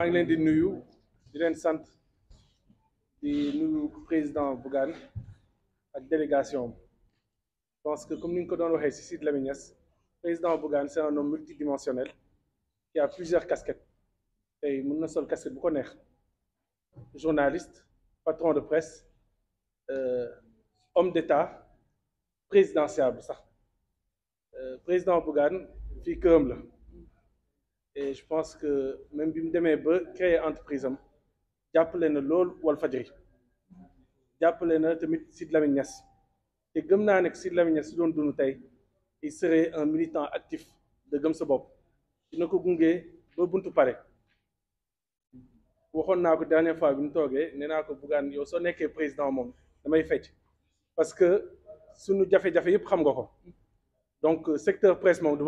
Je suis le di nuyu di di nuyu président Bougane ak délégation parce que comme nous le ko ici, de ci président Bougan c'est un homme multidimensionnel qui a plusieurs casquettes Et il na seule casquette bu ko journaliste patron de presse euh, homme d'État présidentiable ça. euh, président Bougane vit këram et je pense que même si je suis ba créer entreprise am ou na lool Walfadjri le na de la Lamine Et te gëm naa ne Lamine Niass de il serait un militant actif de gëm sa ne dina ko gunge buntu dernière fois que nous avons été, naa ko Bougane suis président damay fait. parce que si nous jafe fait, xam nga ko donc secteur presse moom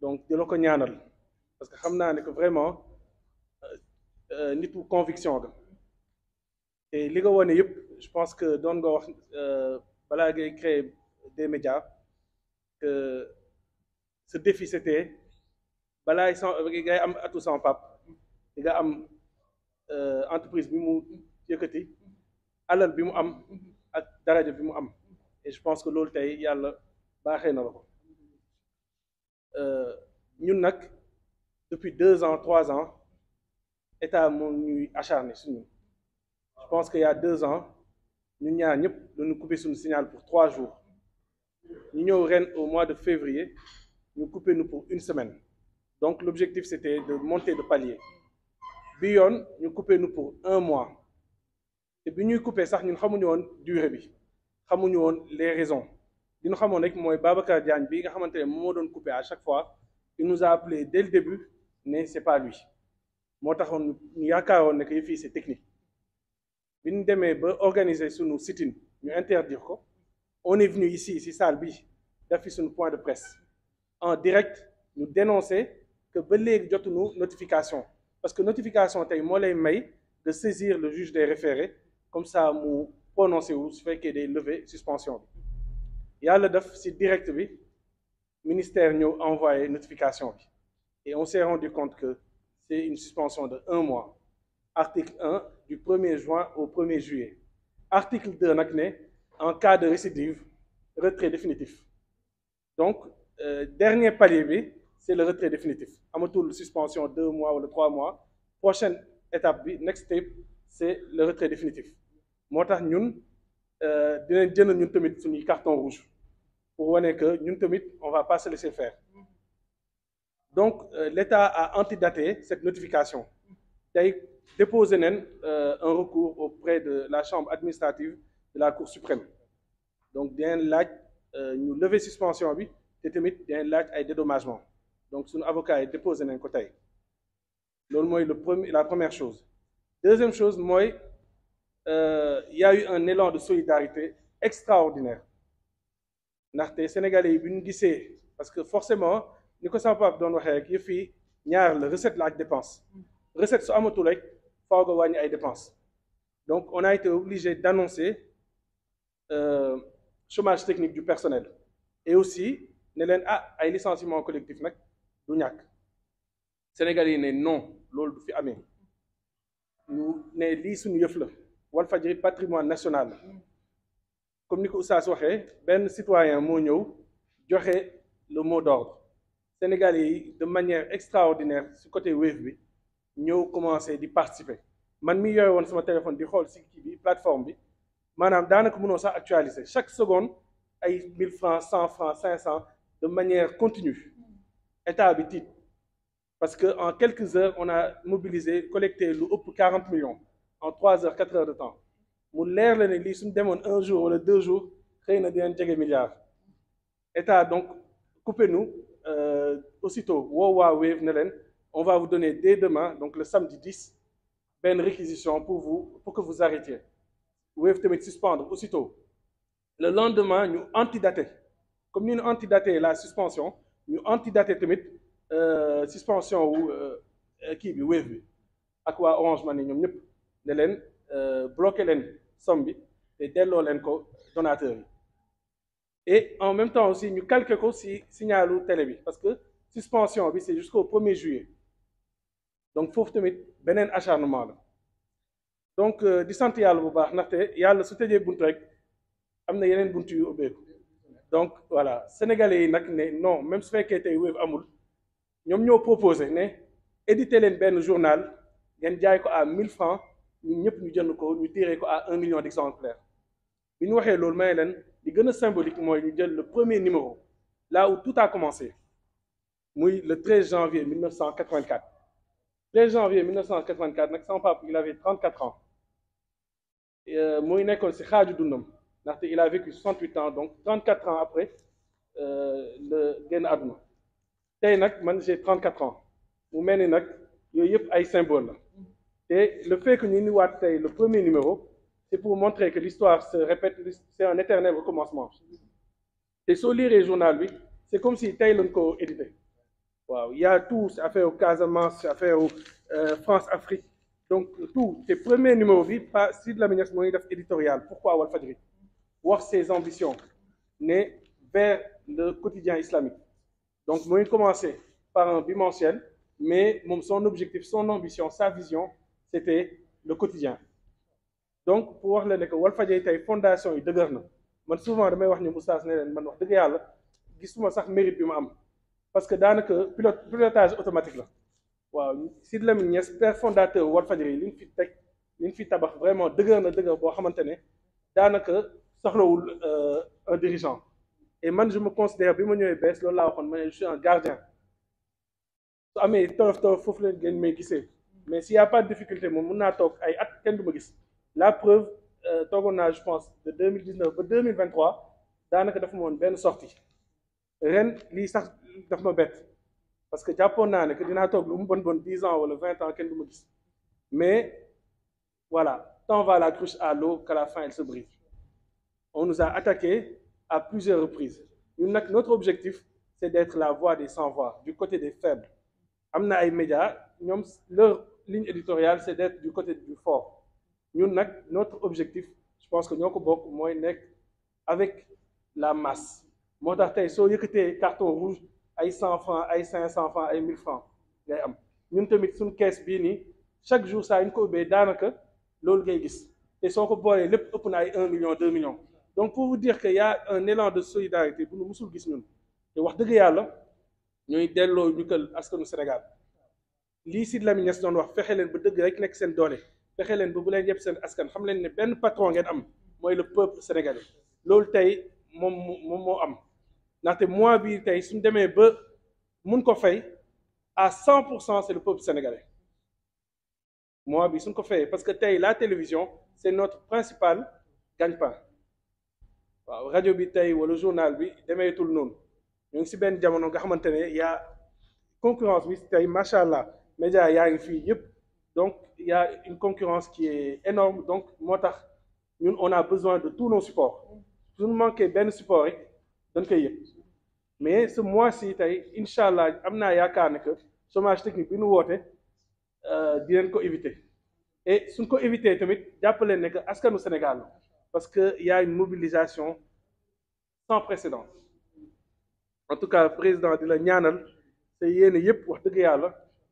donc de la ko ñaanal parce que xamna ne que vraiment euh, euh, nitu conviction ga et li nga woné yépp je pense que don nga wax euh, balaa ngay créer des médias que ce défi c'était balaay sans ngay am atu sans pap di nga am entreprise bi mu yëkëti alal bi mu am ak daraja bi mu am et je pense que loolu tay yalla baxé na lako euh, nous, depuis deux ans trois ans nous moo ñuy acharné je pense qu'il y a deux ans nous avons nous couper coupé le signal pour trois jours Nous avons au mois de février nous coupé nous pour une semaine donc l'objectif c'était de monter de palier Nous nous coupé pour un mois nous nous ñuy coupé ça, nous avons durée Nous avons les raisons il nous a rek que Babacar Diagne bi nga xamante doon coupé à chaque fois il nous a appelé dès le début ce c'est pas lui moo taxoon a yaakaaroon ne que fii c'est technique bi ñu demee ba organiser suñu sit-in ñu interdire on est venu ici ici salle d'afficher un un point de presse en direct Nous dénoncer que ba léegi nous notification parce que notification tey un lay may de saisir le juge des référés comme ça mu prononcé ou fait que des lever suspension yalla def ci direct bi ministère a envoyé notification et on s'est rendu compte que c'est une suspension de un mois article 1 du 1er juin au 1er juillet article 2 en cas de récidive retrait définitif donc euh, dernier palier bi c'est le retrait définitif amatul suspension deux mois ou de trois mois prochaine étape next step c'est le retrait définitif motax ñun euh, dinañ jënd ñun tamit carton rouge pour wane que ñun tamit on va pas se laisser faire donc euh, l'État a antidaté cette notification a déposé euh, un recours auprès de la chambre administrative de la Cour suprême donc dinañ laaj ñu lever suspension bi té tamit dinañ laaj ay dédommagement donc son avocat a déposé un ko tay le premier la première chose deuxième chose que euh, y a eu un élan de solidarité extraordinaire Narté, sénégalais yi bi parce que forcément nous ne sama dans doon waxee rek y yi ñaar le recette la dépense recette su amatul rek faaw nga ay dépenses donc on a été obligé d'annoncer euh, chômage technique du personnel et aussi ne a ah ay licenciement collectif nag du sénégalais ne non loolu du fi Nous ñu ne lii suñu le patrimoine national comme nous ko Oustaz citoyen moo ñëw le mot d'ordre Sénégalais de manière extraordinaire le côté Wave bi commencé à participer man mi yoy won sama téléphone di xol ci bi plateforme bi manam danaka à sax actualiser chaque seconde ay 1000 francs 100 francs 500 de manière continue état bi parce qu'en quelques heures on a mobilisé collecté le 40 millions en 3 heures 4 heures de temps mou l'air la ne lii suñ un jour le deux jours rien na dinañ jege milliard état donc coupez nous euh, aussitôt Wave on va vous donner dès demain donc le samedi 10 une réquisition pour vous pour que vous arrêtiez Wave tamit suspendre aussitôt le lendemain nous antidater. comme nous, nous la suspension nous antidater tamit euh, suspension ou qui euh, Wave À quoi waa Orange Money ne leen euh, bloqué leen somme et te delloo leen ko donateur et en même temps aussi ñu calqué ko si signalu télé parce que suspension bi c'est jusqu'au 1er juillet donc foofu tamit beneen acharnement la donc euh, di sant yàlla bu baax ndaxte yàlla su tëjee bunt rek am na yeneen bunt yu donc voilà sénégalais yi nag non même su fekkee tey Wave amul ñoom ñoo proposé ne édité leen benn journal ngeen jaay ko à 1000 francs nous avons ñu jënd tiré à 1 million d'exemplaires Nous avons waxee loolu may leen symbolique le premier numéro là où tout a commencé le 13 janvier 1984 Le 13 janvier 1984 il avait 34 ans euh, muy nekkoon si xaaju il a vécu 68 ans donc 34 ans après euh, le génn àdduna j'ai 34 ans mu mel un symbole et le fait que Nini Watt le premier numéro, c'est pour montrer que l'histoire se répète, c'est un éternel recommencement. Et sur lire les journaux, lui, c'est comme si Taylor co édité. Il y a tout, affaire au Casamance, affaire au euh, France-Afrique. Donc, tout, ces premiers numéros viennent pas de la manière éditoriale. Pourquoi Wal Fadri Voir ses ambitions nées vers le quotidien islamique. Donc, moi, il commençait par un bimensuel, mais son objectif, son ambition, sa vision, c'était le quotidien donc pour wax la ne que Walfadjri fondation dëgër na souvent damay wax ni je ne leen man wax mérite parce que c'est pilote pilotage automatique la waaw suis un fondateur Walfadjri il je fi vraiment dëgër na euh, un dirigeant et moi, je me considère comme je suis un gardien mais s'il n'y a pas de difficulté mon mun naa ay la preuve euh, Togo je pense de 2019 à 2023 daanaka dafa ma une sortie Rien lii sax daf ma parce que le Japon, a que dinaa 10 ans 20 ans mais voilà tant va la cruche à l'eau qu'à la fin elle se brise on nous a attaqué à plusieurs reprises notre objectif c'est d'être la voix des sans voix du côté des faibles Amna ay médias leur ligne éditoriale c'est d'être du côté du fort notre objectif je pense que nous, avons beaucoup de avec la masse Moi, tax tey soo carton rouge 100 francs 500 francs 1000 francs Nous, am ñun tamit caisse. chaque jour ça a une ubbee Et loolu ngay gis si on 1 million 2 millions donc pour vous dire qu'il y a un élan de solidarité nous nous nu musul gis ñun te wax Nous yàlla ñooy à ñu que nous Sénégal lii de la ministre doon wax fexe leen ba dëgg rek nek sen doole fexe leen ba bu len yeb sen askan xam len ne ben patron ngeen am moy le peuple sénégalais loolu tay mom moom moo am ndaxte moi bi tay suñu démé ba mën ko fay à 100 c'est le peuple sénégalais moi, bi suñu ko fayee parce que tay la télévision c'est notre principal gagne-pain waaw radio bi tay wala journal bi demeetul non ñu ci ben jamono nga xamante y'a concurrence bi tay machallah médias donc il y a une concurrence qui est énorme donc moi on a besoin de tous nos supports Si nous manquons de support donc dañ koy yëg mais ce mois-ci Inch'Allah, nous y a un que chômage technique bi euh, nous ko éviter et suñ ko éviter tamit jàppaleen ne que au Sénégal parce qu'il y a une mobilisation sans précédent en tout cas le président de la ñaanal c'est yéen yëpp wax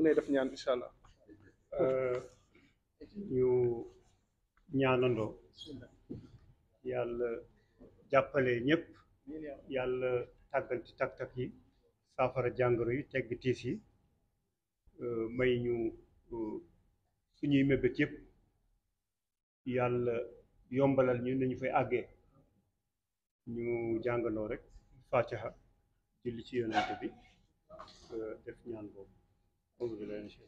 mu ne def ñaan allah. Euh, ñu ñaanandoo yàlla jàppale ñëpp yàlla tàgganti tak-tak yi saafara jàngoro yi tegg tiis yi euh, may ñu euh, suñuy mébét yëpp yàlla yombalal ñu nañu fay àggee ñu jàngandoo rek fatiha julli ci yonent bi def ñaan boobu Also wieder ähnlich.